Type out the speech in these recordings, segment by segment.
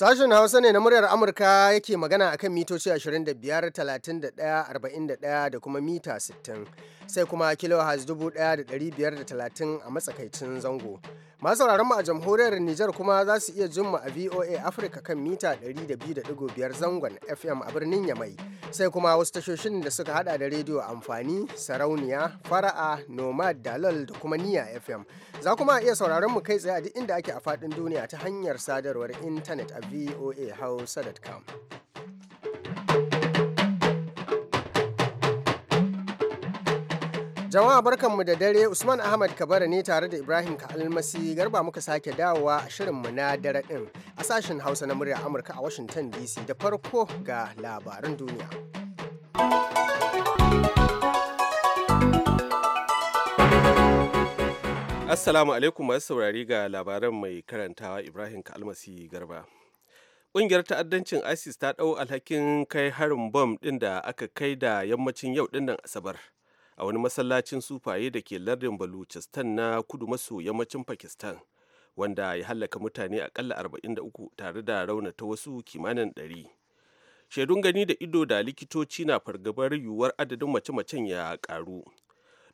Sashen Hausa ne na muryar Amurka yake magana akan mitoci 25, 31, 41 da kuma mita 60, sai kuma kilo 1530 a matsakaicin zango. masu mu a jamhuriyar Nijar kuma za su iya jin mu a VOA Africa kan mita 102.5 zangon FM a birnin Yamai sai kuma wasu tashoshin da suka hada da rediyo amfani sarauniya fara'a nomad dalal da kuma niya FM za kuma iya sauraron mu kai tsaye a duk inda ake a fadin duniya ta hanyar sadarwar intanet a voa Jama'a barkanmu da dare Usman Ahmad Kabara ne tare da Ibrahim Ka'almasi garba muka sake dawowa a shirinmu na dare ɗin a sashen Hausa na murya Amurka a Washington DC da farko ga labaran duniya. Assalamu alaikum masu saurari ga labaran mai karantawa Ibrahim Ka'almasi garba. Ƙungiyar ta'addancin ISIS ta ɗau alhakin kai harin bom ɗin da aka kai da yammacin yau ɗin nan Asabar. a wani masallacin sufaye da ke lardin baluchistan na kudu maso yammacin pakistan wanda ya hallaka mutane akalla 43 tare da raunata wasu kimanin 100 shaidun gani da ido da likitoci na fargabar yiwuwar adadin mace-macen ya karu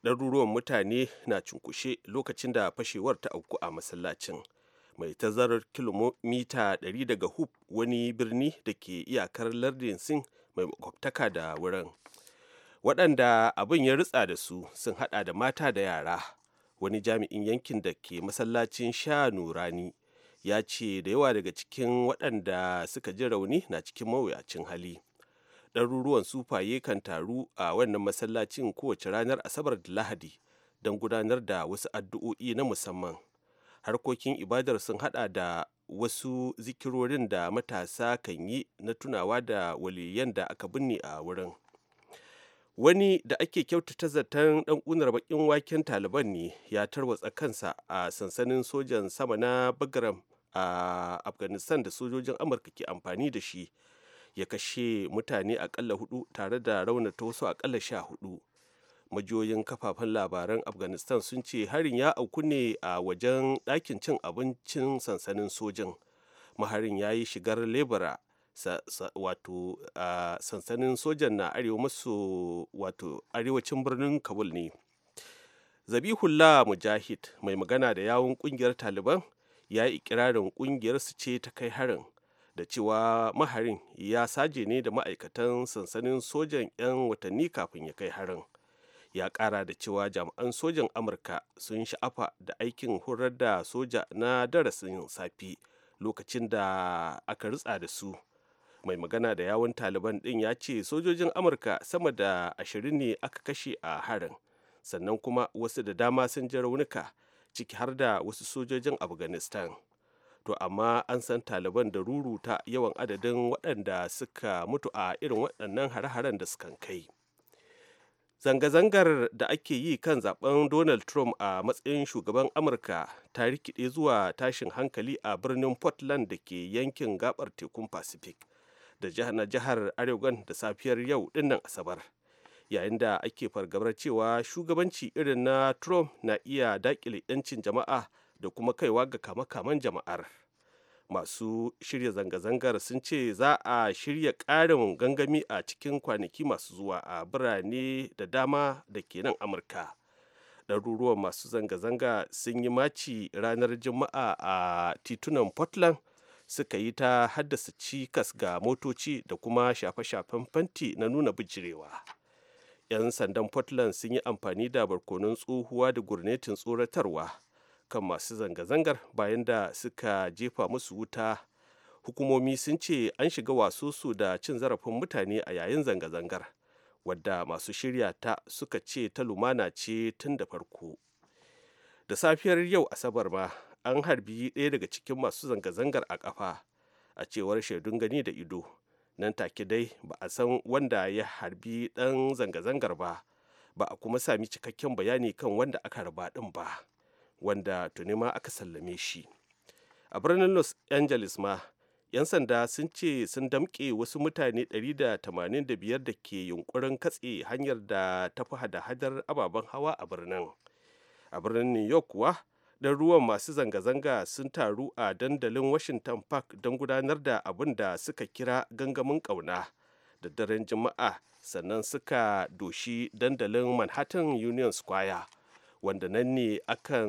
ɗaruruwan mutane na cunkushe lokacin da fashewar ta auku a masallacin mai tazarar kilomita 100 daga hub wani birni da ke iyakar lardin sin mai makwabtaka da wurin waɗanda abin ya ritsa da su sun haɗa da mata da yara wani jami'in yankin da ke masallacin sha nurani ya ce da yawa daga cikin waɗanda suka ji rauni na cikin mawuyacin hali ɗaruruwan sufaye kan taru a wannan masallacin kowace ranar asabar da lahadi don gudanar da wasu addu'o'i na musamman harkokin ibadar sun haɗa da wasu zikirorin da matasa kan yi na tunawa da waliyan da aka binne a wurin wani da ake kyautata zaton dan kunar bakin waken taliban ne ya tarwatsa kansa a sansanin sojan sama na bagram a afghanistan da sojojin amurka ke amfani da shi ya kashe mutane akalla hudu tare da raunata wasu akalla sha hudu majiyoyin kafafen labaran afghanistan sun ce harin ya auku ne a wajen dakin cin abincin sansanin sojan maharin ya yi shigar lebura wato sansanin sojan na arewa maso wato arewacin birnin kabul ne zabihullah mujahid mai magana da yawun kungiyar taliban ya yi ikirarin kungiyar su ce ta kai harin da cewa maharin ya saje ne da ma'aikatan sansanin sojan 'yan watanni kafin ya kai harin ya kara da cewa jami'an sojan amurka sun sha'afa da aikin horar da soja na darasin safi lokacin da aka ritsa da su mai magana da yawun taliban din ya ce sojojin amurka sama da ashirin ne aka kashe a harin sannan kuma wasu da dama sun ji raunuka ciki har da wasu sojojin afghanistan to amma an san taliban da ruruta yawan adadin waɗanda suka mutu a irin waɗannan hare-haren da sukan kai zanga-zangar da ake yi kan zaben donald trump a matsayin shugaban amurka ta rikide zuwa tashin hankali a birnin portland da ke yankin gabar tekun pacific da na jihar Arewan da safiyar yau dinnan Asabar. Yayin da ake fargabar cewa shugabanci irin na Trump na iya daƙile 'yancin jama'a da kuma kaiwa ga kama-kaman jama'ar. Masu shirya zanga-zangar sun ce za a shirya ƙarin gangami a cikin kwanaki masu zuwa a birane da dama da ke nan Amurka. ɗaruruwan masu zanga-zanga sun yi maci ranar juma'a a titunan portland suka yi ta haddasa cikas ga motoci da kuma shafe-shafen fanti na nuna bijirewa. 'Yan sandan Portland sun yi amfani da barkonon tsohuwa da gurnetin tsoratarwa kan masu zanga-zangar bayan da suka jefa musu wuta. Hukumomi sun ce an shiga su da cin zarafin mutane a yayin zanga-zangar, wadda masu shirya ta suka ce ta lumana ce tun da farko. da safiyar yau asabar ma an harbi ɗaya daga cikin masu zanga-zangar a ƙafa a cewar shaidun gani da ido nan take dai ba a san wanda ya harbi ɗan zanga-zangar ba ba a kuma sami cikakken bayani kan wanda aka raba ɗin ba wanda tuni ma aka sallame shi a birnin los angeles ma 'yan sanda sun ce sun damƙe wasu mutane 185 da ke yunkurin katse hanyar da ta fi hada-hadar ababen hawa a birnin a birnin new york kuwa ruwan masu zanga-zanga sun taru a dandalin washington park don gudanar da abin da suka kira gangamin ƙauna da daren juma'a sannan suka doshi dandalin manhattan union square wanda nan ne akan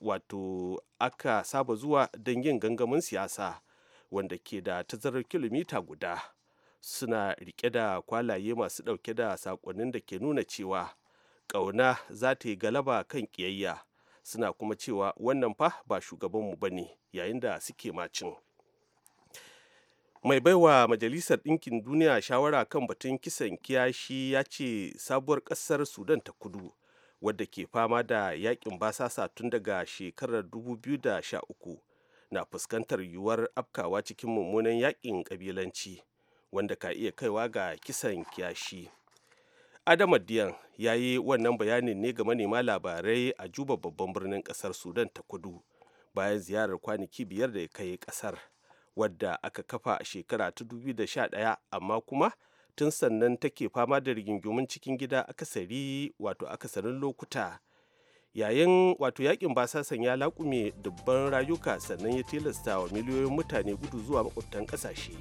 wato aka saba zuwa don yin gangamin siyasa wanda ke da tazarar kilomita guda suna rike da kwalaye masu ɗauke da saƙonnin da ke nuna cewa ƙauna za ta yi galaba kan ƙiyayya suna kuma cewa wannan fa ba shugabanmu ba ne yayin da suke macin mai baiwa majalisar ɗinkin duniya shawara kan batun kisan kiyashi ya ce sabuwar ƙasar sudan ta kudu wadda ke fama da yakin basasa tun daga shekarar 2013 na fuskantar yiwuwar afkawa cikin mummunan yakin ƙabilanci wanda ka iya kaiwa ga kisan kiyashi adama diyan ya yi wannan bayanin ne ga manema labarai a juba babban birnin kasar sudan ta kudu bayan ziyarar kwanaki biyar da ya kai kasar wadda aka kafa a shekara ta 2011 amma kuma tun sannan take fama da rigingimun cikin gida akasari wato akasarin lokuta yayin wato yakin basasan ya laƙume dubban rayuka sannan ya tilasta wa miliyoyin mutane gudu zuwa makwabtan ƙasashe.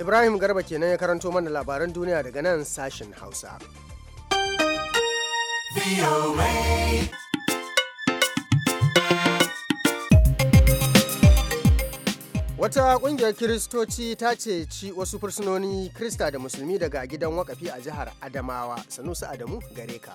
Ibrahim Garba kenan ya karanto mana labaran duniya daga nan sashen Hausa. Wata ƙungiyar Kiristoci ta ce ci wasu fursunoni Krista da Musulmi daga gidan wakafi a jihar Adamawa, Sanusi Adamu gare ka.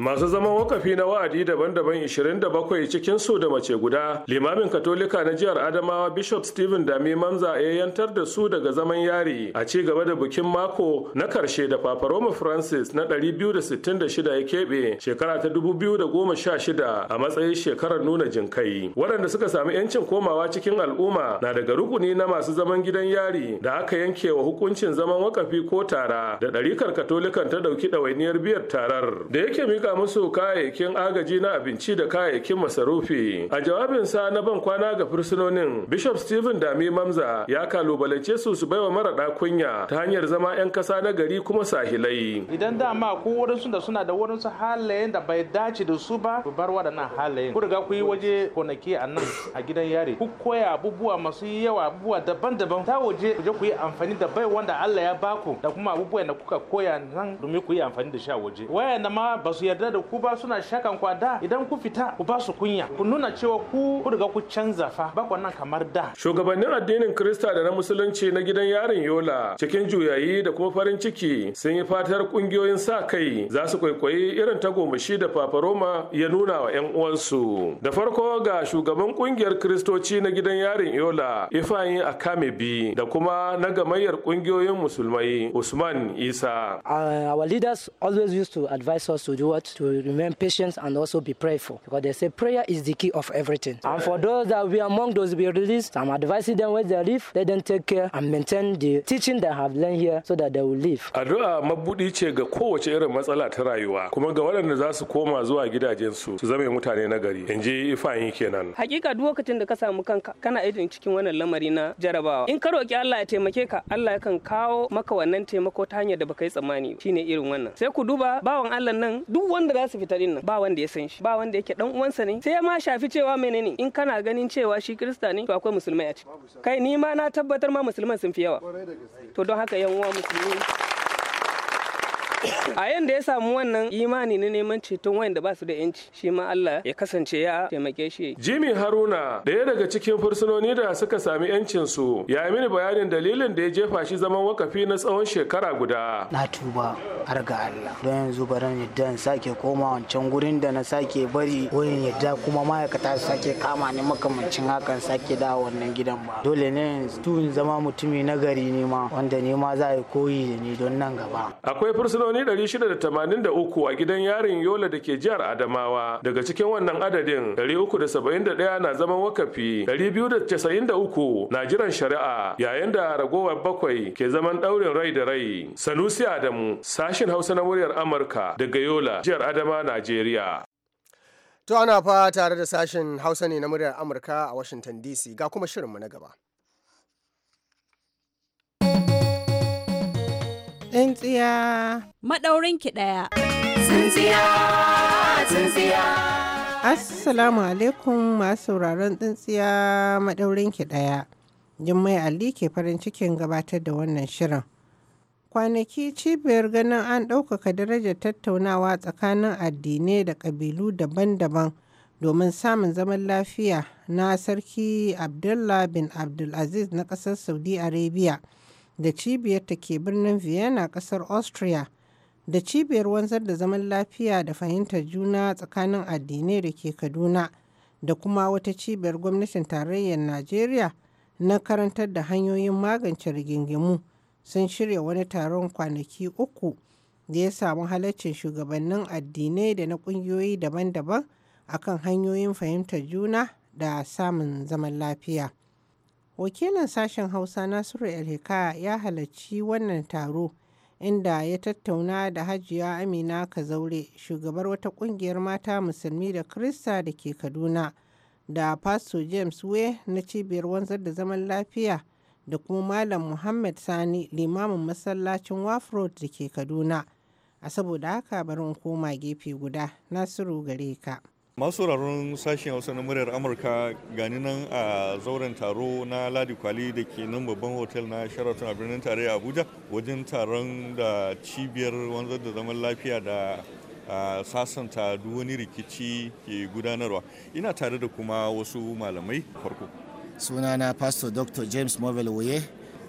masu zaman wakafi na wa'adi daban-daban 27 cikin su da mace guda limamin katolika na jihar adamawa bishop stephen dami manza ya yantar da su daga zaman yari a ci gaba da bikin mako na karshe da papa roma francis na 266 ya keɓe shekara ta 2016 a matsayin shekarar nuna jinkai waɗanda suka sami 'yancin komawa cikin al'umma na daga rukuni na masu zaman gidan yari da aka yanke wa hukuncin zaman wakafi ko tara da ɗarikar katolikan ta ɗauki ɗawainiyar biyar tarar da yake mika aika musu kayayyakin agaji na abinci da kayayyakin masarufi a jawabinsa na ban kwana ga fursunonin bishop stephen dami mamza ya kalubalance su su baiwa marada kunya ta hanyar zama 'yan kasa na gari kuma sahilai idan dama ko wurinsu da suna da wurinsu halayen da bai dace da su ba ku bar waɗannan halayen ku riga ku yi waje konaki a nan a gidan yari ku koya abubuwa masu yawa abubuwa daban-daban ta waje ku je ku yi amfani da bai wanda Allah ya baku da kuma abubuwan da kuka koya nan domin ku yi amfani da shi a waje wayanda ma ba su yarda yarda da ku ba suna shakan kwa da idan ku fita ku ba su kunya ku nuna cewa ku riga ku canza fa ba nan kamar da shugabannin addinin krista da na musulunci na gidan yarin yola cikin juyayi da kuma farin ciki sun yi fatar kungiyoyin sa kai za su kwaikwayi irin tagomashi da Papa Roma ya nuna wa 'yan uwansu da farko ga shugaban kungiyar kristoci na gidan yarin yola ifayin akamebi da kuma na gamayyar kungiyoyin musulmai usman isa uh, our leaders always used to advise us to do God, to remain patient and also be prayerful. Because they say prayer is the key of everything. And for those that will be among those be released, I'm advising them when they leave, let them take care and maintain the teaching they have learned here so that they will live. Addu'a mabudi ce ga kowace irin matsala ta rayuwa kuma ga waɗanda za su koma zuwa gidajensu su zama mutane na gari. In ji ifayin kenan. Hakika duk lokacin da ka samu kanka kana irin cikin wannan lamari na jarabawa. In ka roki Allah ya taimake ka Allah yakan kawo maka wannan taimako ta hanyar da baka yi tsammani shine irin wannan. Sai ku duba bawan Allah nan duk wanda za su fita din nan ba wanda ya san shi ba wanda yake dan uwansa ne sai ma shafi cewa menene in kana ganin cewa shi krista ne to akwai musulmai a ciki kai ni ma na tabbatar ma musulman sun fi yawa to don haka yan uwa musulmi a da ya samu wannan imani na neman ceton wayanda ba su da yanci shi ma Allah ya kasance ya taimake shi Jimmy Haruna daya daga cikin fursunoni da suka sami yancin su ya yi mini bayanin dalilin da ya jefa shi zaman wakafi na tsawon shekara guda na tuba har ga Allah don yanzu baran yadda in sake koma wancan gurin da na sake bari wurin yadda kuma ma'aikata su sake kama ni makamancin hakan sake da wannan gidan ba dole ne yanzu zama mutumi na gari ne ma wanda ne ma za a yi koyi da ni don nan gaba akwai fursunoni miliyoni 683 a gidan yarin yola da ke jihar adamawa daga cikin wannan adadin 371 na zaman wakafi 293 na jiran shari'a yayin da ragowar bakwai ke zaman ɗaurin rai da rai sanusi adamu sashin hausa na muryar amurka daga yola jihar adama najeriya to ana fa tare da sashin hausa ne na muryar amurka a washington dc ga kuma shirinmu na gaba Tsintsiya. ki ɗaya. Tsintsiya, tsintsiya. Assalamu alaikum masu sauraron tsintsiya maɗaurinki ɗaya. Jummai Ali ke farin cikin gabatar da wannan shirin. Kwanaki cibiyar ganin an ɗaukaka darajar tattaunawa tsakanin addinai da ƙabilu daban-daban domin samun zaman lafiya na Sarki Abdullah bin Abdulaziz na ƙasar Saudi Arabia. da cibiyar ta ke birnin vienna kasar austria da cibiyar wanzar da zaman lafiya da fahimtar juna tsakanin addinai da ke kaduna da kuma wata cibiyar gwamnatin tarayyar najeriya na karantar da hanyoyin magance rigingimu sun shirya wani taron kwanaki uku da ya samu halaccin shugabannin addinai da na ƙungiyoyi daban-daban akan hanyoyin fahimtar juna da samun zaman lafiya. wakilin sashen hausa nasiru elhika ya halarci wannan taro inda ya tattauna da hajiya amina kazaure shugabar wata kungiyar mata musulmi da krista da ke kaduna da pastor james way na cibiyar wanzar da zaman lafiya da kuma malam muhammad sani limamin masallacin wafrod da ke kaduna a saboda haka bari koma gefe guda nasiru gare ka masu sauraron sashen hausa na muryar amurka gani nan a zauren taro na ladi kwali da ke nan babban hotel na sheraton a birnin tarayya abuja wajen taron da cibiyar wanzar da zaman lafiya da sasanta duk wani rikici ke gudanarwa ina tare da kuma wasu malamai farko sunana pastor dr james mobile waye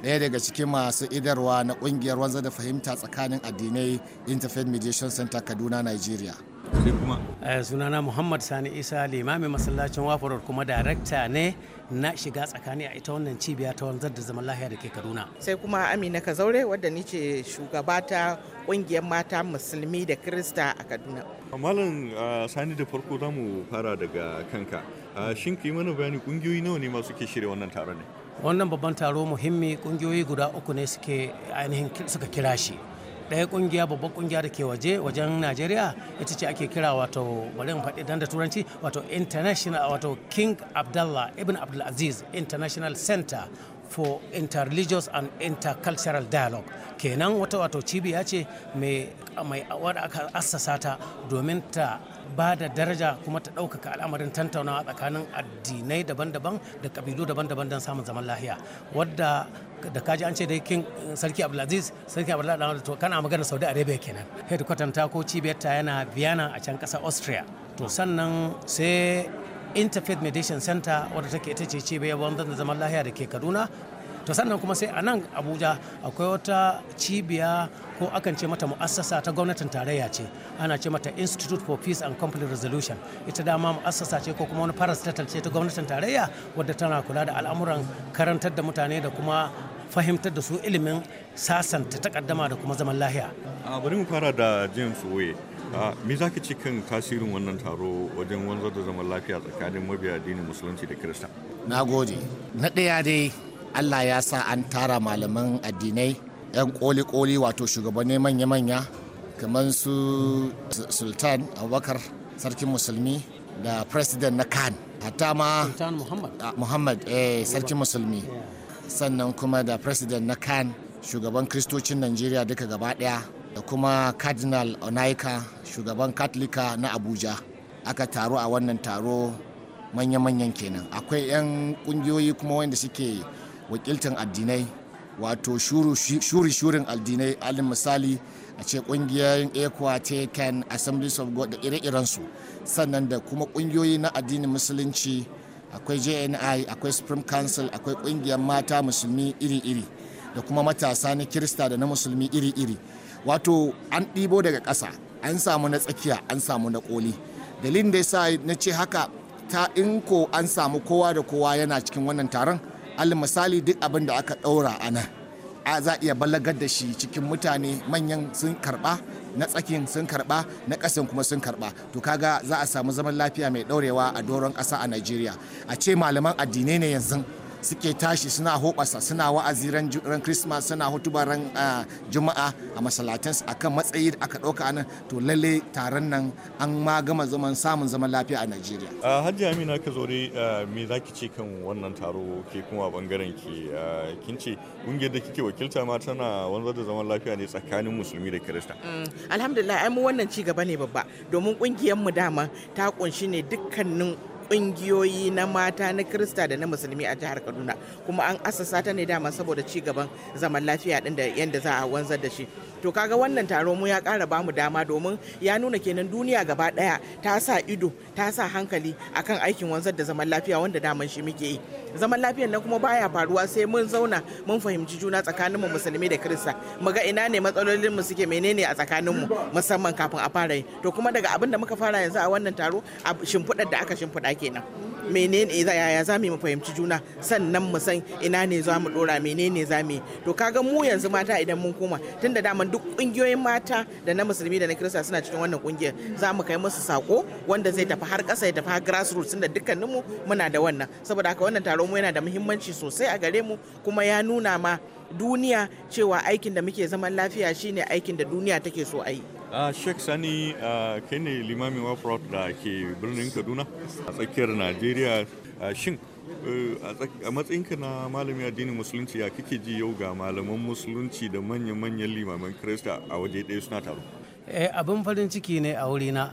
ɗaya daga cikin masu idarwa na kungiyar wanzar da fahimta tsakanin addinai interfaith mediation center kaduna nigeria sai kuma eh, sunana muhammad sani isa limamin masallacin wafarar kuma darakta ne na shiga tsakani a ita wannan cibiya ta wanzar da zaman lahiya da ke kaduna sai kuma amina zaure wadda ni ce shugaba ta kungiyar mata musulmi da krista a kaduna malam ah, sani da farko za mu fara daga kanka ah, shin ka yi mana bayani kungiyoyi nawa ne masu ke shirya wannan taron ne wannan babban taro muhimmi kungiyoyi guda uku ne suke ainihin suka kira shi ɗaya ƙungiya babban ƙungiya da ke waje wajen najeriya ita ce ake kira wato bari faɗi dan da turanci wato international wato king abdallah ibn abdulaziz international center for interreligious and intercultural dialogue kenan wata wato cibiya ce mai wadda aka assasa ta domin ta ba da daraja kuma ta ɗaukaka al'amarin tantaunawa tsakanin addinai daban-daban da ƙabilu daban-daban don samun zaman lahiya wadda da kaji an ce dai kin eh, sarki abdulaziz sarki abdulaziz to kana magana saudi arabia kenan headquarter ta ko cibiyar ta yana vienna a can kasa austria to sannan sai interfaith mediation center wadda take ita ce cibiyar wanzan da zaman lahiya da ke kaduna to sannan kuma sai a nan abuja akwai wata cibiya ko akan ce mata mu'assasa ta gwamnatin tarayya ce ana ce mata institute for peace and conflict resolution ita dama mu'assasa ce ko kuma wani parastatal ce ta gwamnatin tarayya wadda tana kula da al'amuran karantar da mutane da kuma fahimtar da su ilimin sasanta takaddama da kuma zaman lahiya. a bari mu fara da james oye me za ki ci kan tasirin wannan taro wajen wanzar da zaman lafiya tsakanin mabiya addinin musulunci da kirista na gode na ɗaya dai allah ya sa an tara malaman addinai yan koli-koli wato shugabanni manya-manya kamar su sultan abubakar sarkin musulmi da president na kan hatta ma sultan muhammad ah, eh, sarkin musulmi sannan kuma da president na kan shugaban kristocin nigeria duka gaba daya da kuma cardinal onaika shugaban katolika na abuja aka taro a wannan taro manya-manyan kenan akwai 'yan kungiyoyi kuma wanda suke wakiltan addinai wato shuri-shurin addinai alin misali a ce kungiyoyin ecuador taken assemblies of god da ire-irensu sannan da kuma kungiyoyi na addinin musulunci akwai jni akwai supreme council akwai kungiyar mata musulmi iri-iri da kuma matasa na kirista da na musulmi iri-iri wato an ɗibo daga ƙasa an samu na tsakiya an samu na ƙoli dalilin da yasa na ce haka ta in ko an samu kowa da kowa yana cikin wannan taron alin misali duk abin da aka ɗaura a nan a za iya balagar da shi cikin mutane manyan sun karɓa na tsakin sun karba na ƙasan kuma sun karba to kaga za a samu zaman lafiya mai daurewa a doron ƙasa a Najeriya a ce malaman addinai ne yanzu suke tashi suna hoɓasa suna wa'azi ran Christmas suna hutuba ran ah, Juma'a a masallatansu akan matsayi da aka ɗauka nan to lalle taron nan an ma gama zaman samun zaman lafiya a nigeria. Ah, Hajji Amina ka zore ah, me za ki ce kan wannan taro ke kuma bangaren ki kin ce ƙungiyar da kike wakilta ma tana wanzar da zaman lafiya ne tsakanin musulmi da kirista. Mm, Alhamdulillah ai mu wannan ci gaba ne babba domin kungiyar mu dama ta kunshi ne dukkanin kungiyoyi na mata na krista da na musulmi a jihar kaduna kuma an asasa ta ne dama saboda ci gaban zaman lafiya din da yadda za a wanzar da shi to kaga wannan taro mu ya kara ba mu dama domin ya nuna kenan duniya gaba daya ta sa ido ta sa hankali akan aikin wanzar da zaman lafiya wanda daman shi muke yi zaman lafiyan nan kuma baya faruwa sai mun zauna mun fahimci juna tsakanin mu musulmi da krista mu ga ina ne matsalolin mu suke menene a mu musamman kafin a fara yi to kuma daga abin da muka fara yanzu a wannan taro a shimfiɗar da aka shimfiɗa kenan menene za yaya za mu fahimci juna sannan mu san ina ne za mu dora menene za mu to kaga mu yanzu mata idan mun koma tun da daman duk kungiyoyin mata da na musulmi da na kirista suna cikin wannan kungiyar za mu kai musu sako wanda zai tafi har kasa ya tafi har grassroots tunda dukkanin mu muna da wannan saboda haka wannan taro mu yana da muhimmanci sosai a gare mu kuma ya nuna ma duniya cewa aikin da muke zaman lafiya shine aikin da duniya take so a yi Uh, Sheikh Sani uh, kai ne limamin Wafrot da ke birnin Kaduna a tsakiyar Najeriya. Shin eh, a matsayinka na malami addinin musulunci ya kike ji yau ga malaman musulunci da manya-manyan limaman Kirista a waje ɗaya suna taro? Eh, abin farin ciki ne a wurina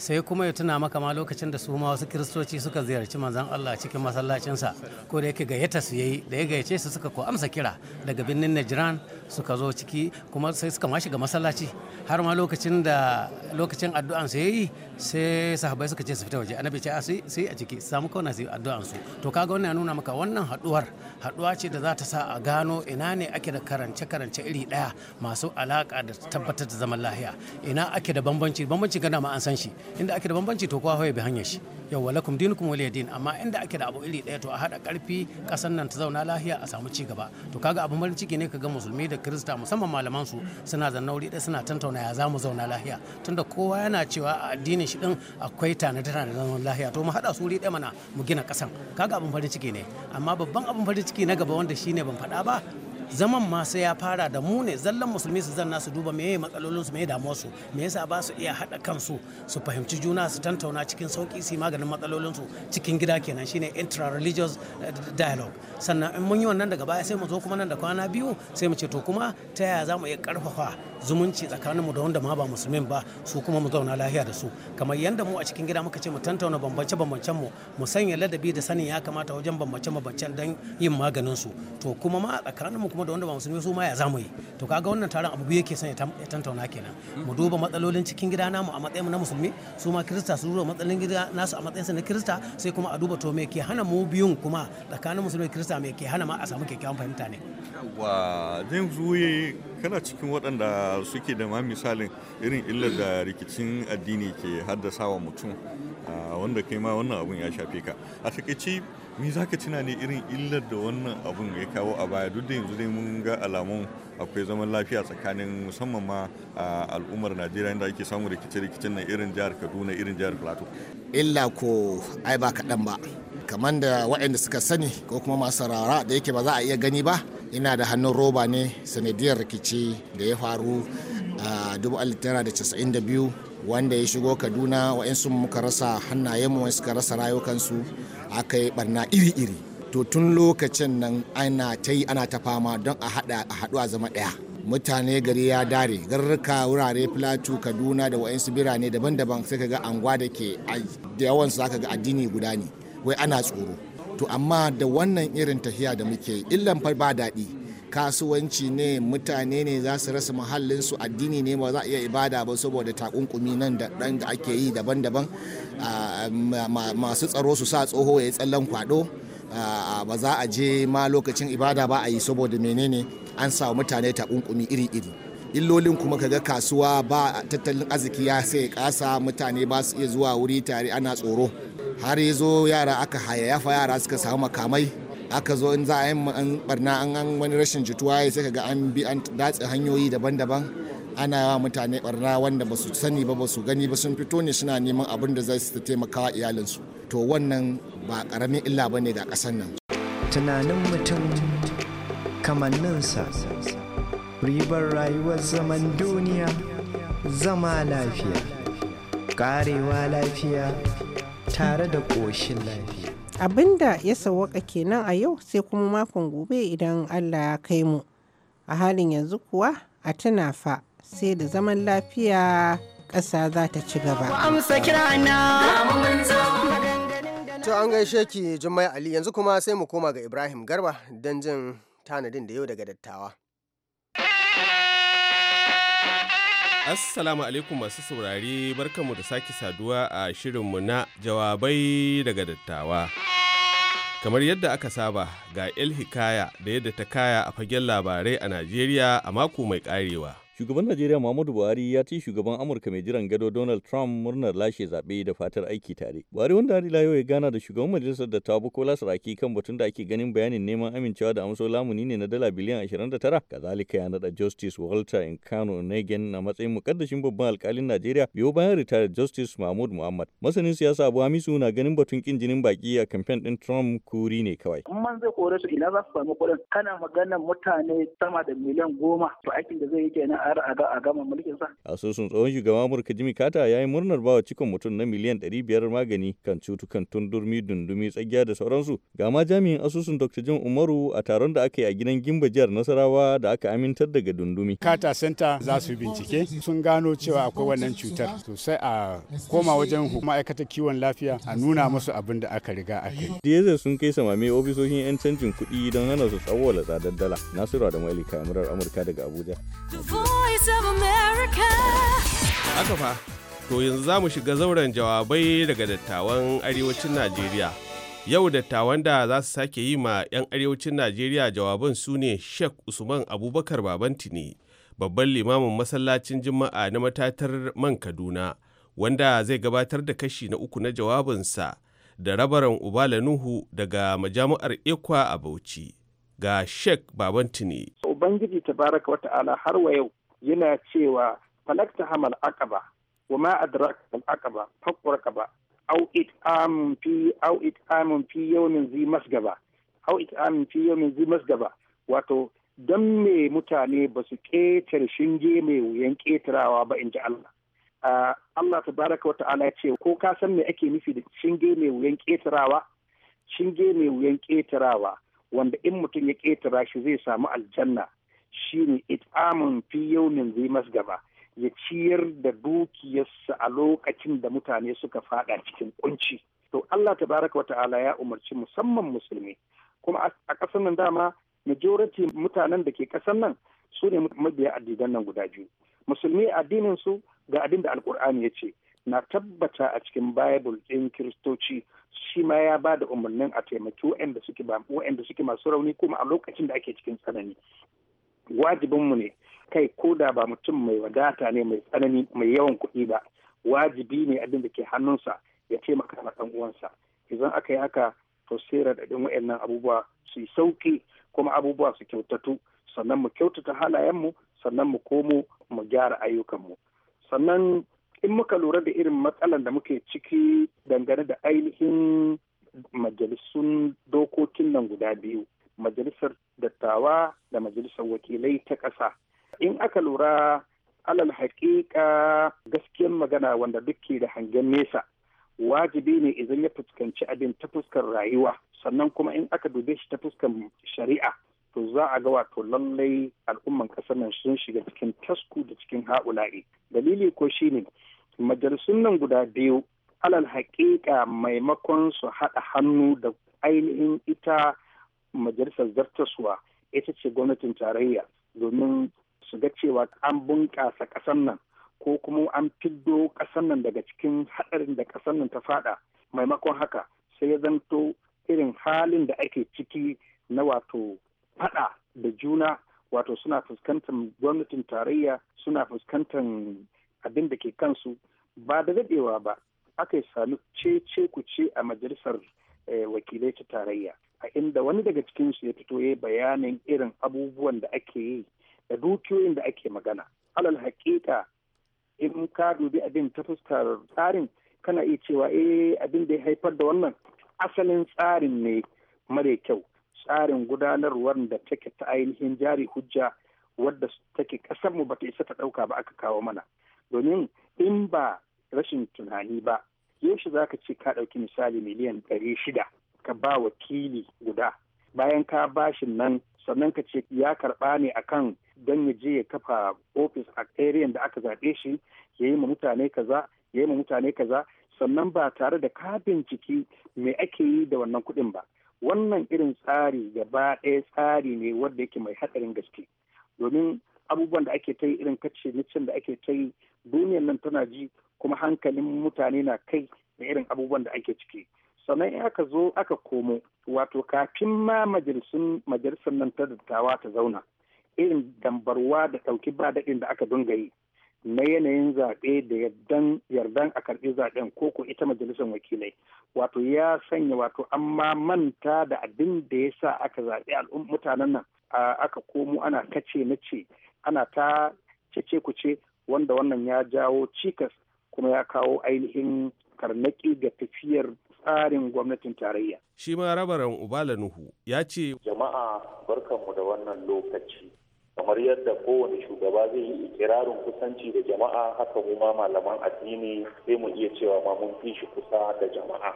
sai kuma ya tuna maka ma lokacin da su ma wasu kiristoci suka ziyarci manzon Allah cikin masallacinsa ko da yake gayyata su yayi da ya gayyace su suka ko amsa kira daga birnin Najran suka zo ciki kuma sai suka ma shiga masallaci har ma lokacin da lokacin addu'an su yayi sai sahabai suka ce su fita waje annabi ce ah, sai a ciki samu kauna su addu'an su to kaga wannan ya nuna maka wannan haduwar haduwa ce da za ta sa a gano ina ne ake da karance karance iri daya masu alaka da tabbatar da zaman lahiya ina ake da bambanci bambanci gana ma an san shi inda ake da bambanci to kowa hoye bi hanyar shi yau walakum dinukum din amma inda ake da abu iri ɗaya to a haɗa ƙarfi kasan nan ta zauna lahiya a samu ci gaba to kaga abin farin ciki ne ga musulmi da kirista musamman malaman su suna zanna wuri ɗaya suna tantauna ya zamu zauna lahiya tunda kowa yana cewa a addinin shi din akwai da tana zaman lahiya to mu haɗa su wuri ɗaya mana mu gina ƙasan kaga abu farin ciki ne amma babban abin farin ciki na gaba wanda shine ban faɗa ba zaman ma sai ya fara da mu ne zallan musulmi su zanna su duba meye matsalolin su meye damuwar su me yasa ba su iya hada kansu su fahimci juna su tantauna cikin sauki su maganin matsalolin su cikin gida kenan shine intra religious eh, dialogue sannan in mun yi wannan daga baya sai mu zo kuma nan da kwana biyu sai mu ce to kuma ta yaya za mu iya karfafa zumunci tsakanin mu da wanda ma ba musulmin ba su kuma mu zauna lafiya da su kamar yadda mu a cikin gida muka ce mu tantauna bambance bambancen mu mu sanya ladabi da sanin ya kamata wajen bambance bambancen don yin maganin su to kuma ma a tsakanin mu kuma da wanda ba musulmi su ma ya zamu yi to kaga wannan taron abu yake son ya tantauna kenan mu duba matsalolin cikin gida namu a matsayin na musulmi su ma kirista su duba matsalolin gida nasu a matsayin na kirista sai kuma a duba to me ke hana mu biyun kuma tsakanin musulmi da kirista me ke hana ma a samu kyakkyawan fahimta ne yawa zan zuye kana cikin waɗanda suke da ma misalin irin illar da rikicin addini ke haddasa wa mutum ah, wanda kai ma wannan abun ya shafe ka a takaice me za ka tuna ne irin illar da wannan abun ya kawo a baya duk da yanzu dai mun ga alamun akwai zaman lafiya tsakanin musamman ma a al'ummar najeriya inda ake samun rikice-rikicen na irin jihar kaduna irin jihar plateau illa ko ai ba kaɗan ba kamar da waɗanda suka sani ko kuma masu rara da yake ba za a iya gani ba ina da hannun roba ne sanadiyar rikici da ya faru a 1992 wanda ya shigo kaduna wa'insu muka rasa hannayenmu wa'insu suka rasa rayukansu aka yi barna iri-iri to tun lokacin nan ana ta yi ana ta fama don a haɗu a zama ɗaya mutane gari ya dare garurka wurare filatu kaduna da wa'insu birane daban-daban sai ga anguwa da ke da yawansu zaka ga addini guda ne wai ana tsoro to amma da wannan irin tafiya da muke illan fa ba daɗi kasuwanci ne mutane ne za su rasa muhallinsu addini ne ba za a iya ibada ba saboda takunkumi nan da ɗan da ake yi daban-daban ah, masu tsaro su sa tsoho ya yi tsallan kwado ah, ba za a je ma lokacin ibada ba a yi saboda menene an samu mutane takunkumi iri-iri illolin kuma kaga kasuwa ba tattalin arziki ya sai kasa mutane ba su iya zuwa wuri tare ana tsoro har ya zo yara aka hayayafa yara suka samu makamai aka zo in za a yi barna an wani rashin jituwa ya sai kaga an bi an datse hanyoyi daban-daban ana yawa mutane barna wanda ba su sani ba ba su gani ba sun fito ne suna neman abin da za su taimaka iyalinsu to wannan ba karamin illa ba ne ga ƙasar nan tunanin mutum kamanninsa ribar rayuwar zaman duniya zama lafiya karewa lafiya tare da ƙoshin lafiya da ya sawwaka kenan a yau sai kuma makon gobe idan allah ya kai mu a halin yanzu kuwa a tuna fa sai da zaman lafiya ƙasa za ta ci gaba to an gaishe ki jummai ali yanzu kuma sai mu koma ga ibrahim garba don jin tanadin da yau daga dattawa Assalamu alaikum masu saurari. barkanmu da sake saduwa a shirinmu na jawabai daga dattawa. Kamar yadda aka saba ga El Hikaya da yadda ta kaya a fagen labarai a Najeriya a mako mai karewa. Shugaban Najeriya Muhammadu Buhari ya ci shugaban Amurka mai jiran gado Donald Trump murnar lashe zaɓe da fatar aiki tare. Buhari wanda har ila yau ya gana da shugaban majalisar da ta Bukola Saraki kan batun da ake ganin bayanin neman amincewa da amso lamuni ne na dala biliyan 29. Kazalika ya naɗa Justice Walter Nkano Negen na matsayin mukaddashin babban alkalin Najeriya biyo bayan ritaya Justice Mahmud Muhammad. Masanin siyasa Abu Hamisu na ganin batun kin jinin baki a kamfen ɗin Trump kuri ne kawai. In man zai kore su ina za su samu kuɗin kana maganar mutane sama da miliyan goma to aikin da zai yi kenan a gama mulkinsa. Asusun tsohon shugaban Amurka Jimmy Carter ya yi murnar bawa cikon mutum na miliyan biyar magani kan cutukan tundurmi, dundumi, tsagiya da sauransu. Ga ma jami'in asusun Dr. Jim Umaru a taron da aka yi a gidan Gimba jihar Nasarawa da aka amintar daga dundumi. Carter Center za su bincike sun gano cewa akwai wannan cutar sosai a koma wajen ma'aikatar kiwon lafiya a nuna musu abin da aka riga aka yi. sun kai samame ofisoshin 'yan canjin kuɗi don hana su tsawwala tsadar dala. Nasiru adamu ali kamarar Amurka daga Abuja. Voice of America. Haka fa, to yanzu za mu shiga zauren jawabai daga dattawan arewacin Najeriya. Yau dattawan da za su sake yi ma 'yan arewacin Najeriya jawaban su ne Sheikh Usman Abubakar Babantini, babban limamin masallacin Juma'a na matatar man Kaduna, wanda zai gabatar da kashi na uku na jawabinsa da rabaran Ubala Nuhu daga majami'ar Ikwa a Bauchi. Ga Sheikh Babantini. Ubangiji ta baraka wata'ala har wa yau yana cewa falakta hamal aqaba wa ma adraka al aqaba fakkur aqaba ka ba fi aw it'am fi yawmin zi masgaba aw it'am fi yawmin zi masgaba wato don me mutane ba su ƙetare shinge mai wuyan ketarawa ba in ji Allah. Allah ta baraka wa ta'ala ya ce ko ka san me ake nufi da shinge mai wuyan ketarawa Shinge mai wuyan ketarawa wanda in mutum ya ketara shi zai samu aljanna shine it'amun fi yawmin zai gaba ya ciyar da dukiyarsa a lokacin da mutane suka fada cikin kunci to Allah tabaraka wa ta'ala ya umarci musamman musulmi kuma a ƙasar nan dama majority mutanen da ke ƙasar nan su ne mabiya addinan nan guda biyu musulmi addinin su ga abin da alkur'ani ya ce na tabbata a cikin bible ɗin kiristoci shi ma ya ba da umarnin a taimaki wa'anda suke masu rauni kuma a lokacin da ake cikin tsanani wajibinmu ne kai ko da ba mutum mai wadata ne mai tsanani mai yawan kuɗi ba wajibi ne abin da ke hannunsa ya taimaka ma ɗan uwansa idan aka yi haka to sai raɗaɗin wa'annan abubuwa su yi sauƙi kuma abubuwa su kyautatu sannan mu kyautata halayenmu sannan mu komo mu gyara ayyukanmu sannan in muka lura da irin matsalan da muke ciki dangane da ainihin majalisun dokokin nan guda biyu majalisar dattawa da majalisar wakilai ta ƙasa in aka lura alal haƙiƙa gaskiyar magana wanda duke da hangen nesa wajibi ne idan ya fuskanci abin ta fuskar rayuwa sannan kuma in aka dube shi ta fuskar shari'a to za a ga wato lallai al'umman ƙasar nan sun shiga cikin tasku da cikin ha'ula'i dalili ko shine majalisun nan guda biyu alal haƙiƙa maimakon su haɗa hannu da ainihin ita majalisar zartaswa ita ce gwamnatin tarayya domin su ga cewa an bunƙasa ƙasar nan ko kuma an fiddo ƙasar nan daga cikin haɗarin da ƙasar nan ta faɗa maimakon haka sai ya zanto irin halin da ake ciki na wato faɗa da juna wato suna fuskantar gwamnatin tarayya suna fuskantar abin da ke kansu ba da daɗewa ba aka yi sami ce ku ce a majalisar eh, wakilai ta tarayya a inda wani daga cikinsu ya fito ya bayanin irin abubuwan da ake yi da dukiyoyin da ake magana alal hakika in ka dubi abin ta fuskar tsarin kana iya cewa eh abin da ya haifar da wannan asalin tsarin ne mare kyau tsarin gudanarwar da take ta ainihin jari hujja wadda take kasar mu bata isa ta dauka ba aka kawo mana domin in ba rashin tunani ba yaushe za ka ce ka ɗauki misali miliyan ɗari shida ka ba wakili guda bayan ka bashin nan sannan ka ce ya karba ne akan don ya je ya kafa ofis a area da aka zaɓe shi ya yi ma mutane kaza ya yi ma mutane kaza sannan ba tare da ka binciki me ake yi da wannan kuɗin ba wannan irin tsari gaba ɗaya tsari ne wanda yake mai haɗarin gaske domin abubuwan da ake ta yi irin kace nicin da ake ta yi duniyar nan tana ji kuma hankalin mutane na kai da irin abubuwan da ake ciki sannan in aka zo aka komo wato kafin ma majalisun majalisar nan ta dattawa ta zauna irin dambarwa da ɗauki ba daɗin da aka dunga yi na yanayin zaɓe da yardan yardan a karɓi zaɓen ko ko ita majalisar wakilai wato ya sanya wato amma manta da abin da ya sa aka zaɓe mutanen nan aka komo ana kace na ce ana ta cece kuce wanda wannan ya jawo cikas kuma ya kawo ainihin karnaki ga tafiyar tsarin gwamnatin tarayya. Shi ma rabaran Ubala Nuhu ya ce. Jama'a barkanmu da wannan lokaci. Kamar yadda kowane shugaba zai yi ikirarin kusanci da jama'a haka mu ma malaman addini sai mu iya cewa ma mun fi shi kusa da jama'a.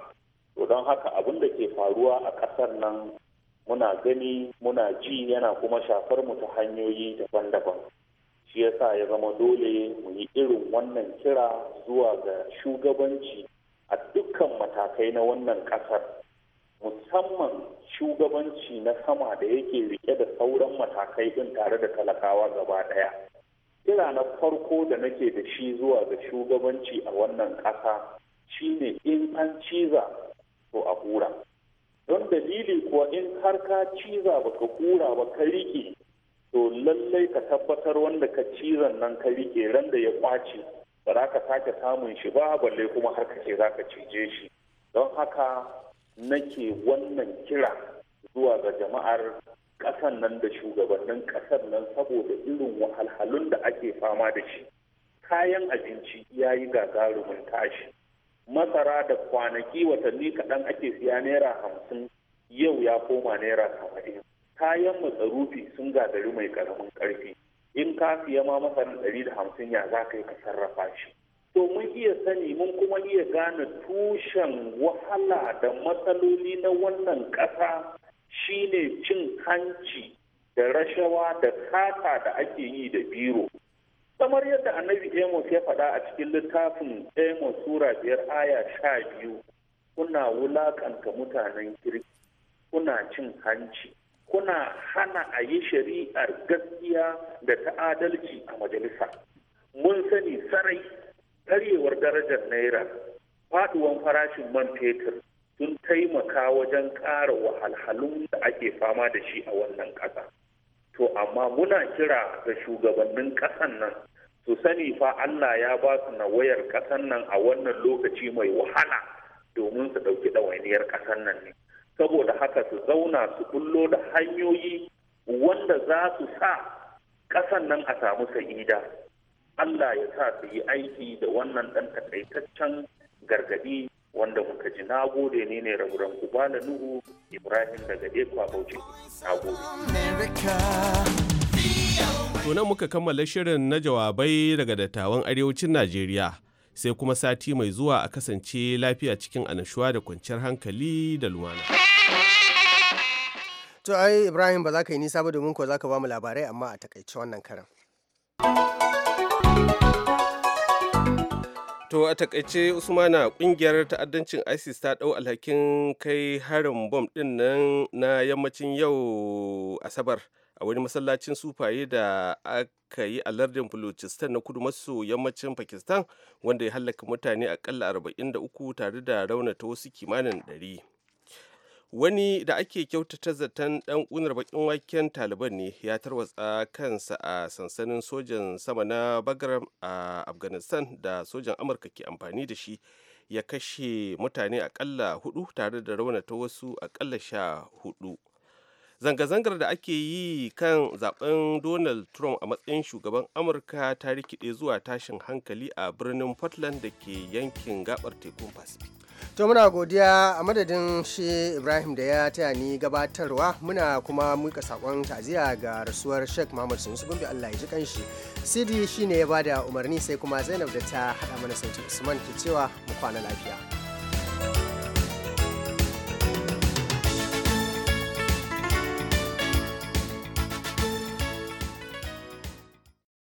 To don haka abin da ke faruwa a ƙasar nan muna gani muna ji yana kuma shafar mu ta hanyoyi daban-daban. shi yasa ya zama dole mu yi irin wannan kira zuwa ga shugabanci dukkan matakai na wannan ƙasar musamman shugabanci na sama da yake rike da sauran matakai ɗin tare da talakawa gaba ɗaya kira na farko da nake da shi zuwa ga shugabanci a wannan ƙasa shine in an ciza to a hura don dalili kuwa in har ka ciza baka hura ba ka rike, to lallai ka tabbatar wanda ka cizan nan ka rike randa ya ƙwace ba za ka sake samun shi ba balle kuma har ka ce za ka cije shi don haka nake wannan kira zuwa ga jama'ar ƙasan nan da shugabannin ƙasar nan saboda irin wahalhalun da ake fama da shi kayan abinci ya yi gagarumin tashi masara da kwanaki watanni kaɗan ake siya naira hamsin yau ya koma naira kamar kayan matsarufi sun gagari mai ƙaramin ƙarfi in ka siya ma masarar ɗari da hamsin ya za ka yi ka sarrafa shi to mun iya sani mun kuma iya gane tushen wahala da matsaloli na wannan ƙasa shine cin hanci da rashawa da kata da ake yi da biro Samar yadda annabi amos ya faɗa a cikin littafin amos sura biyar aya sha biyu kuna wulaƙanta mutanen kirki kuna cin hanci kuna hana a yi shari'ar gaskiya da ta adalci a majalisa mun sani sarai karyewar darajar naira faduwan farashin man fetur sun taimaka wajen ƙara wahalhalun da ake fama da shi a wannan ƙasa to amma muna kira ga shugabannin ƙasan nan su sani fa Allah ya ba su na wayar ƙasan nan a wannan lokaci mai wahala domin su ɗauki ɗawainiyar ƙasan nan ne saboda haka su zauna su bullo da hanyoyi wanda za su sa ƙasan nan a samu sa'ida Allah ya sa su yi aiki da wannan ɗan takaitaccen gargaɗi wanda muka ji na gode ne ne raburan kuba na nuhu ibrahim daga ekwa bauchi na gode tunan muka kammala shirin na jawabai daga dattawan arewacin najeriya sai kuma sati mai zuwa a kasance lafiya cikin anashuwa da kwanciyar hankali da lumana. To ai Ibrahim ba za ka yi nisa ba domin ko za ka ba mu labarai amma a takaice wannan karan. To a takaice Usmana kungiyar ta'addancin ISIS ta ɗau alhakin kai harin bom ɗin nan na yammacin yau Asabar. a wani masallacin sufaye da aka yi a lardin Balochistan na kudu maso yammacin Pakistan wanda ya hallaka mutane akalla 43 tare da raunata wasu kimanin 100. Wani da ake kyautata zaton dan kunar bakin waken Taliban ne ya tarwatsa kansa a sansanin sojan sama na Bagram a Afghanistan da sojan Amurka ke amfani da shi ya kashe mutane akalla hudu tare da raunata wasu akalla sha hudu. zanga-zangar da ake yi kan zaben donald trump a matsayin shugaban amurka ta rikide zuwa tashin hankali a birnin portland da ke yankin gabar tekun pacific to muna godiya a madadin shi ibrahim da ya taya ni gabatarwa muna kuma muka sakon taziya ga rasuwar sheikh muhammad sunusu gumbi allah ya ji kanshi sidi shine ya bada umarni sai kuma zainab da ta hada mana sauti usman ke cewa mu kwana lafiya